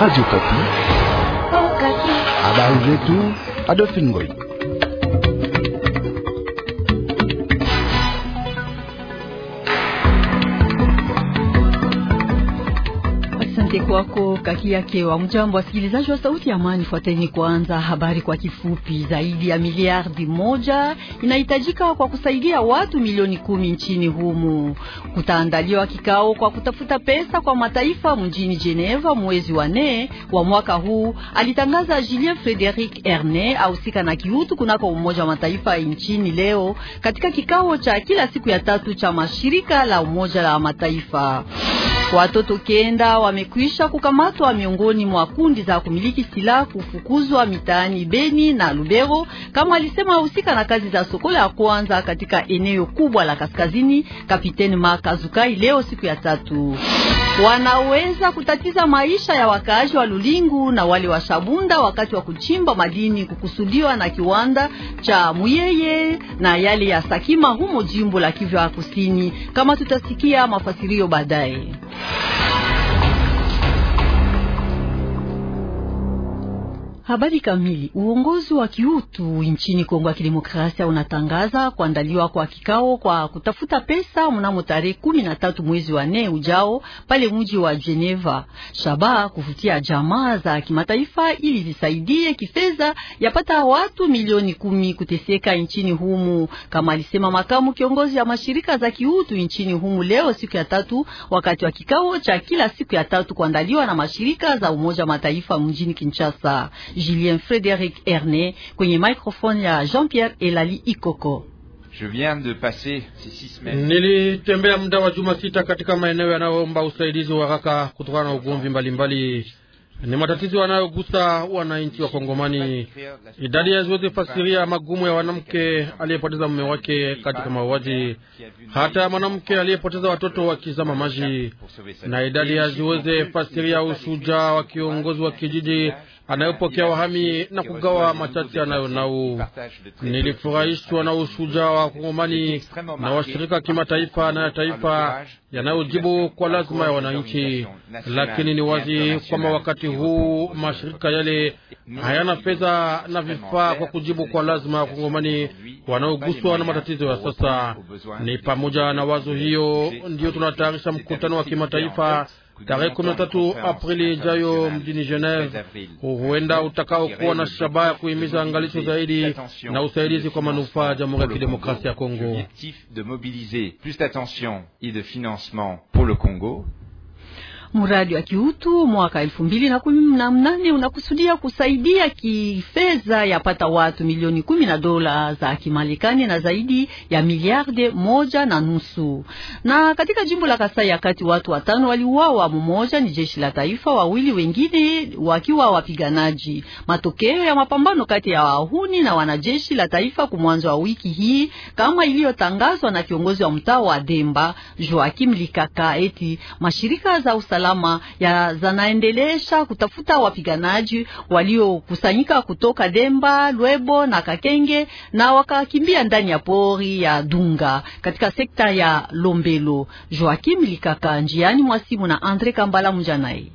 Radio Kapi. Oh, Kapi. Habari zetu Adolphine Ngoy. Asante kwako yake wa mjambo, wasikilizaji wa Sauti ya Amani. Fuateni kwanza habari kwa kifupi. Zaidi ya miliardi moja inahitajika kwa kusaidia watu milioni kumi nchini humu. Kutaandaliwa kikao kwa kutafuta pesa kwa mataifa mjini Geneva mwezi wa nne wa mwaka huu, alitangaza Julien Frederic Erne ahusika na kiutu kunako Umoja wa Mataifa nchini leo katika kikao cha kila siku ya tatu cha mashirika la Umoja la Mataifa. Watoto kenda wamekwisha kukamatwa miongoni mwa kundi za kumiliki silaha kufukuzwa mitaani Beni na Lubero, kama alisema husika na kazi za sokola ya kwanza katika eneo kubwa la kaskazini, Kapiteni Makazukai leo siku ya tatu wanaweza kutatiza maisha ya wakaaji wa Lulingu na wale wa Shabunda wakati wa kuchimba madini kukusudiwa na kiwanda cha Muyeye na yale ya Sakima humo jimbo la Kivu ya Kusini, kama tutasikia mafasirio baadaye. Habari kamili. Uongozi wa kiutu nchini Kongo ya Kidemokrasia unatangaza kuandaliwa kwa kikao kwa kutafuta pesa mnamo tarehe kumi na tatu mwezi wa nne ujao pale mji wa Geneva, shabaha kuvutia jamaa za kimataifa ili zisaidie kifedha yapata watu milioni kumi kuteseka nchini humu, kama alisema makamu kiongozi ya mashirika za kiutu nchini humu leo siku ya tatu, wakati wa kikao cha kila siku ya tatu kuandaliwa na mashirika za Umoja wa Mataifa mjini Kinshasa. Julien Frédéric Erné, kwenye microphone ya Jean-Pierre Elali Ikoko. Je viens de passer six semaines. Nilitembea muda wa juma sita katika maeneo yanayoomba usaidizi wa haraka kutokana na ugomvi mbalimbali ni matatizo yanayogusa wananchi wa Kongomani. Idadi haziwezi fasiria magumu ya mwanamke aliyepoteza mume wake katika mauaji, hata ya mwanamke aliyepoteza watoto wakizama maji, na idadi haziwezi fasiria ushujaa wa kiongozi wa kijiji anayopokea wahami na kugawa machache anayo nao. Nilifurahishwa na ushujaa wa Kongomani na washirika kimataifa na ya taifa yanayojibu kwa lazima ya wananchi, lakini ni wazi kwamba wakati huu mashirika yale hayana fedha na vifaa kwa kujibu kwa lazima ya Kongomani wanaoguswa na matatizo ya sasa. Ni pamoja na wazo hiyo ndiyo tunatayarisha mkutano wa kimataifa tarehe kumi na tatu Aprili ijayo mjini Geneve, huenda utakaokuwa na shabaha ya kuhimiza angalisho zaidi na usaidizi kwa manufaa et de financement pour le Congo. Mradi wa kiutu mwaka elfu mbili na kumi na mnane unakusudia kusaidia kifedha yapata watu milioni kumi na dola za Kimarekani na zaidi ya miliarde moja na nusu. Na katika jimbo la Kasai ya kati watu watano waliuawa, mmoja ni jeshi la taifa, wawili wengine wakiwa wapiganaji, matokeo ya mapambano kati ya wahuni na wanajeshi la taifa kumwanzo wa wiki hii kama iliyotangazwa na kiongozi wa mtaa wa Demba Joakim Likaka eti mashirika za usalama usalama ya zanaendelesha kutafuta wapiganaji waliokusanyika kutoka Demba, Lwebo na Kakenge na wakakimbia ndani ya pori ya Dunga katika sekta ya Lombelo. Joakim Likaka njiani mwasimu na Andre Kambala Be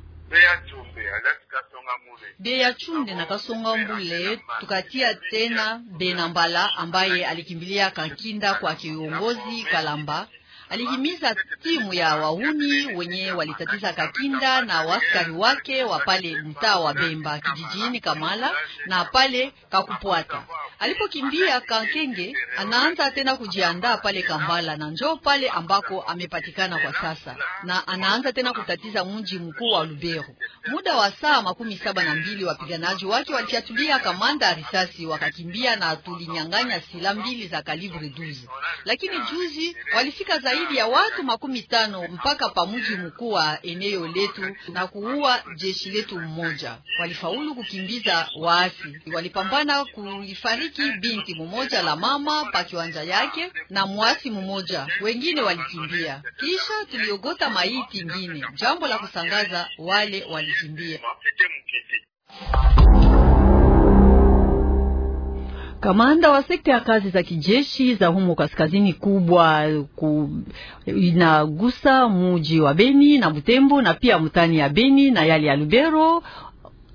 Beya Chunde na Kasonga Mbule tukatia tena Benambala ambaye alikimbilia Kankinda kwa kiongozi Kalamba alihimiza timu ya wauni wenye walitatiza Kakinda na waskari wake wa pale mtaa wa Bemba kijijini Kamala na pale Kakupwata. Alipokimbia Kankenge, anaanza tena kujiandaa pale Kambala na njoo pale ambako amepatikana kwa sasa, na anaanza tena kutatiza mji mkuu wa Lubero. Muda wa saa makumi saba na mbili wapiganaji wake walifyatulia kamanda risasi, wakakimbia na tulinyang'anya silaha mbili za kalibri 12 lakini juzi walifika zaidi zaidi ya watu makumi tano mpaka pamuji mkuu wa eneo letu na kuua jeshi letu mmoja. Walifaulu kukimbiza waasi, walipambana kulifariki binti mmoja la mama pa kiwanja yake na mwasi mmoja, wengine walikimbia. Kisha tuliogota maiti ingine, jambo la kusangaza, wale walikimbia. Kamanda wa sekta ya kazi za kijeshi za humo kaskazini kubwa ku, inagusa muji wa Beni na Butembo na pia mutani ya Beni na yale ya Lubero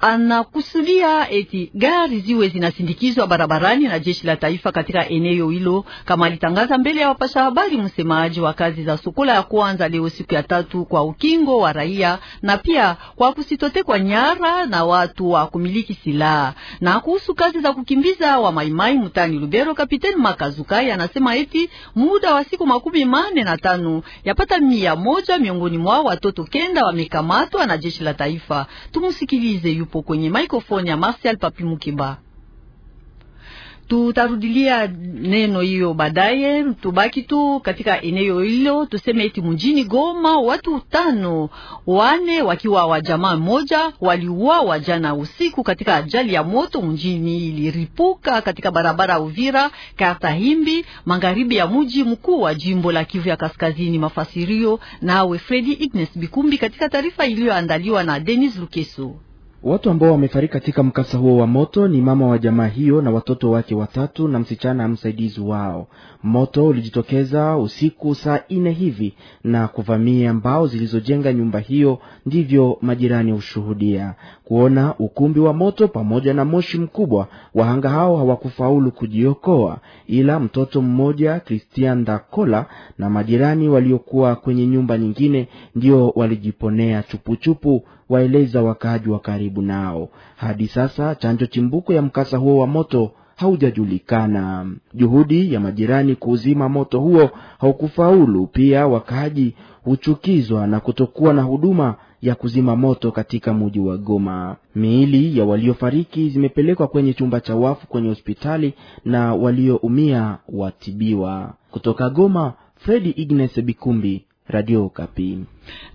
anakusudia eti gari ziwe zinasindikizwa barabarani na jeshi la taifa katika eneo hilo, kama alitangaza mbele ya wapasha habari msemaji wa kazi za sukula ya kwanza leo siku ya tatu kwa ukingo wa raia na pia kwa kusitotekwa nyara na watu wa kumiliki silaha. Na kuhusu kazi za kukimbiza wa maimai mtani Lubero, Kapiteni Makazukai anasema eti muda wa siku makumi mane na tano yapata mia moja miongoni mwao watoto kenda wamekamatwa na jeshi la taifa. Tumusikilize yupo hapo kwenye maikrofoni ya Martial Papi Mukiba. Tutarudilia neno hiyo baadaye. Tubaki tu katika eneo hilo, tuseme eti mjini Goma watu tano, wane wakiwa wa jamaa moja waliuawa jana usiku katika ajali ya moto mjini iliripuka katika barabara Uvira kata Himbi, magharibi ya mji mkuu wa jimbo la Kivu ya Kaskazini. Mafasirio nawe Fredi Ignes Bikumbi katika taarifa iliyoandaliwa na Denis Lukeso. Watu ambao wamefariki katika mkasa huo wa moto ni mama wa jamaa hiyo na watoto wake watatu na msichana msaidizi wao. Moto ulijitokeza usiku saa nne hivi na kuvamia mbao zilizojenga nyumba hiyo, ndivyo majirani hushuhudia. Kuona ukumbi wa moto pamoja na moshi mkubwa, wahanga hao hawakufaulu kujiokoa, ila mtoto mmoja Christian Dakola na majirani waliokuwa kwenye nyumba nyingine ndio walijiponea chupuchupu, waeleza wakaaji wa karibu karibu nao. Hadi sasa chanjo chimbuko ya mkasa huo wa moto haujajulikana. Juhudi ya majirani kuuzima moto huo haukufaulu. Pia wakaaji huchukizwa na kutokuwa na huduma ya kuzima moto katika muji wa Goma. Miili ya waliofariki zimepelekwa kwenye chumba cha wafu kwenye hospitali na walioumia watibiwa. Kutoka Goma, Fredi Ignace Bikumbi, Radio Kapi.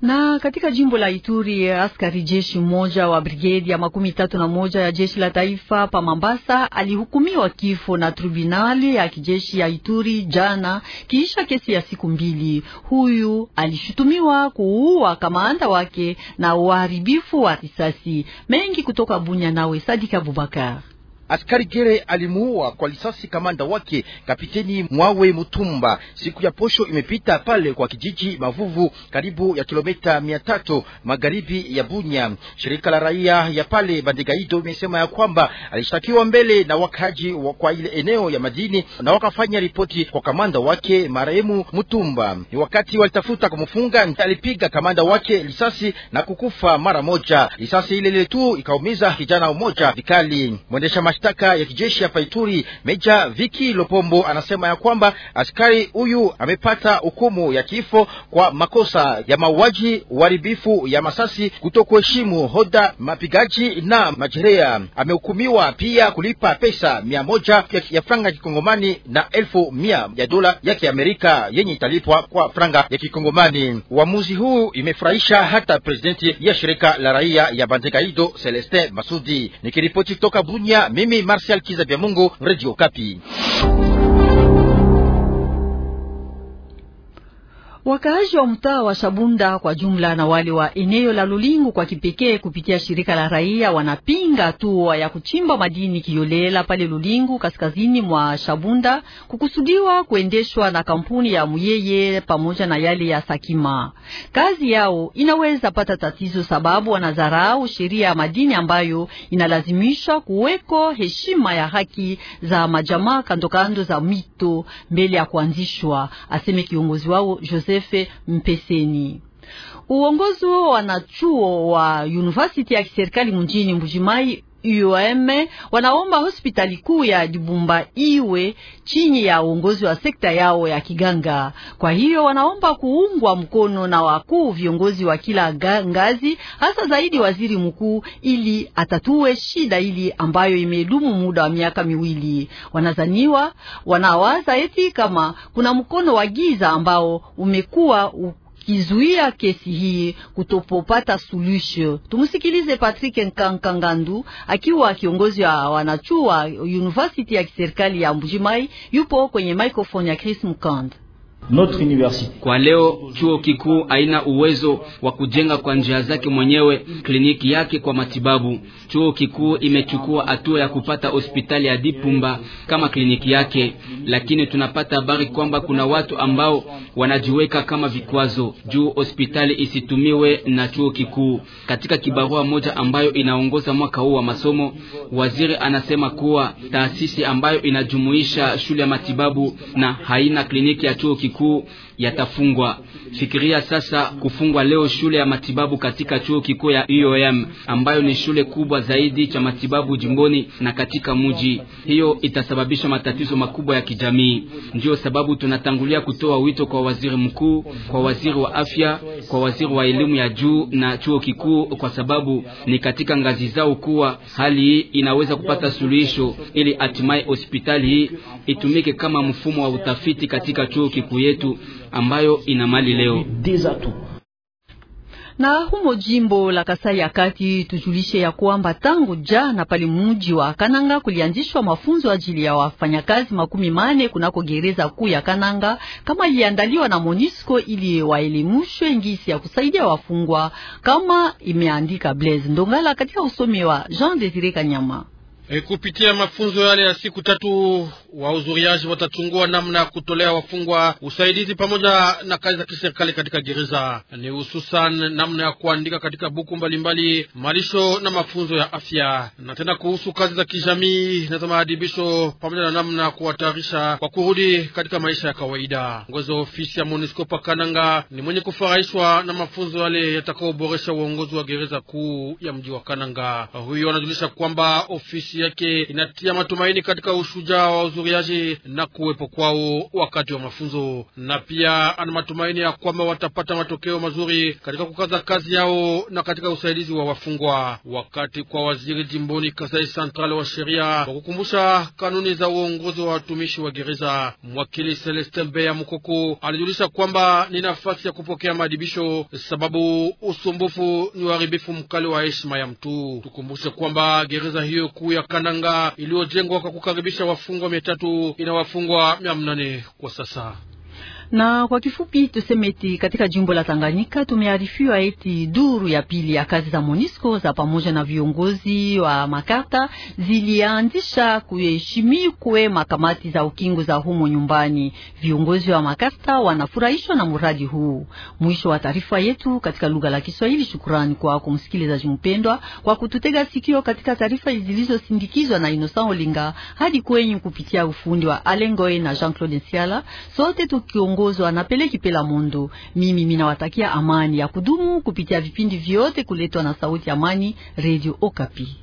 Na katika jimbo la Ituri, askari jeshi mmoja wa brigedi ya makumi tatu na moja ya jeshi la taifa pa Mambasa alihukumiwa kifo na tribunali ya kijeshi ya Ituri jana, kiisha kesi ya siku mbili. Huyu alishutumiwa kuua kamanda wake na uharibifu wa risasi mengi. Kutoka Bunya nawe Sadika Abubakar. Askari Gere alimuua kwa lisasi kamanda wake Kapiteni Mwawe Mutumba siku ya posho imepita pale kwa kijiji Mavuvu, karibu ya kilomita mia tatu magharibi ya Bunya. Shirika la raia ya pale Bandigaido imesema ya kwamba alishtakiwa mbele na wakaji kwa ile eneo ya madini na wakafanya ripoti kwa kamanda wake marehemu Mutumba. Ni wakati walitafuta kumfunga, alipiga kamanda wake lisasi na kukufa mara moja. Lisasi ile ile tu ikaumiza kijana mmoja vikali. Mwendesha mashtaka ya kijeshi hapa Ituri, Meja Viki Lopombo anasema ya kwamba askari huyu amepata hukumu ya kifo kwa makosa ya mauaji, uharibifu ya masasi, kutokuheshimu hoda mapigaji na majerea. Amehukumiwa pia kulipa pesa mia moja ya franga ya kikongomani na elfu mia ya dola ya kiamerika yenye italipwa kwa franga ya kikongomani. Uamuzi huu imefurahisha hata presidenti ya shirika la raia ya Bandegaido Celestin Masudi. Nikiripoti kutoka Bunya mimi Mimi Martial Kizabia Mungu, Radio Kapi. Wakaaji wa mtaa wa Shabunda kwa jumla na wale wa eneo la Lulingu kwa kipekee, kupitia shirika la raia, wanapinga hatua ya kuchimba madini kiolela pale Lulingu, kaskazini mwa Shabunda, kukusudiwa kuendeshwa na kampuni ya Muyeye pamoja na yale ya Sakima. Kazi yao inaweza pata tatizo, sababu wanadharau sheria ya madini ambayo inalazimisha kuweko heshima ya haki za majamaa kandokando za mito mbele ya kuanzishwa, aseme kiongozi wao Jose Joseph Mpeseni. Uongozi wao wanachuo wa university ya kiserikali mjini Mbujimai UOM wanaomba hospitali kuu ya Dibumba iwe chini ya uongozi wa sekta yao ya kiganga. Kwa hiyo wanaomba kuungwa mkono na wakuu viongozi wa kila ngazi, hasa zaidi waziri mkuu, ili atatue shida ili ambayo imedumu muda wa miaka miwili. Wanazaniwa wanawaza eti kama kuna mkono wa giza ambao umekuwa kizuia kesi hii kutopopata suluhisho. Tumusikilize Patrick Nkankangandu akiwa kiongozi wa wanachua university ya kiserikali ya Mbujimai, yupo kwenye microphone ya Chris Mkand. Kwa leo chuo kikuu haina uwezo wa kujenga kwa njia zake mwenyewe kliniki yake kwa matibabu. Chuo kikuu imechukua hatua ya kupata hospitali ya Dipumba kama kliniki yake, lakini tunapata habari kwamba kuna watu ambao wanajiweka kama vikwazo juu hospitali isitumiwe na chuo kikuu. Katika kibarua moja ambayo inaongoza mwaka huu wa masomo, waziri anasema kuwa taasisi ambayo inajumuisha shule ya matibabu na haina kliniki ya chuo kikuu kikuu yatafungwa. Fikiria sasa kufungwa leo shule ya matibabu katika chuo kikuu ya UOM ambayo ni shule kubwa zaidi cha matibabu jimboni na katika mji. Hiyo itasababisha matatizo makubwa ya kijamii. Ndiyo sababu tunatangulia kutoa wito kwa waziri mkuu, kwa waziri wa afya, kwa waziri wa elimu ya juu na chuo kikuu, kwa sababu ni katika ngazi zao kuwa hali hii inaweza kupata suluhisho, ili hatimaye hospitali hii itumike kama mfumo wa utafiti katika chuo kikuu yetu ambayo ina mali leo na humo jimbo la Kasai ya Kati tujulishe ya kwamba tangu jana pale muji wa Kananga kulianzishwa mafunzo ajili ya wafanyakazi makumi mane kunako gereza kuu ya Kananga kama iliandaliwa na Monisco ili waelimushwe ngisi ya kusaidia wafungwa, kama imeandika Blaise Ndongala katika usomi wa Jean Desire Kanyama. E, kupitia mafunzo yale ya siku tatu wahudhuriaji watachungua namna ya kutolea wafungwa usaidizi pamoja na kazi za kiserikali katika gereza, ni hususan namna ya kuandika katika buku mbalimbali mbali, malisho na mafunzo ya afya, na tena kuhusu kazi za kijamii na za maadibisho pamoja na namna ya kuwatayarisha kwa kurudi katika maisha ya kawaida. Ongozi wa ofisi ya MONUSCO pa Kananga ni mwenye kufarahishwa na mafunzo yale yatakaoboresha uongozi wa gereza kuu ya mji wa Kananga. Huyo anajulisha kwamba ofisi yake inatia matumaini katika ushujaa wa uzuriaji na kuwepo kwao wakati wa mafunzo, na pia ana matumaini ya kwamba watapata matokeo mazuri katika kukaza kazi yao na katika usaidizi wa wafungwa. Wakati kwa waziri jimboni Kasai Central wa sheria wa kukumbusha kanuni za uongozi wa watumishi wa gereza, mwakili Celestin Beya Mukoko alijulisha kwamba ni nafasi ya kupokea maadibisho, sababu usumbufu ni uharibifu mkali wa heshima ya mtu. Tukumbushe kwamba gereza hiyo kuu ya Kananga iliyojengwa kwa kukaribisha wafungwa mia tatu ina wafungwa mia mnane kwa sasa. Na kwa kifupi tuseme eti katika jimbo la Tanganyika tumearifiwa eti duru ya pili ya kazi za Monisco za pamoja na viongozi wa makata zilianzisha kuheshimikwe makamati za ukingo za humo nyumbani. Viongozi wa makata wanafurahishwa na mradi huu. Mwisho wa taarifa yetu katika lugha la Kiswahili. Shukrani kwako msikilizaji mpendwa kwa kututega sikio katika taarifa zilizosindikizwa na Inosa Olinga hadi kwenyu kupitia ufundi wa Alengoe na Jean-Claude Siala sote tukiongozwa inayoongozwa na Peleki Pela Mundu. Mimi minawatakia amani ya kudumu kupitia vipindi vyote kuletwa na Sauti ya Amani, Radio Okapi.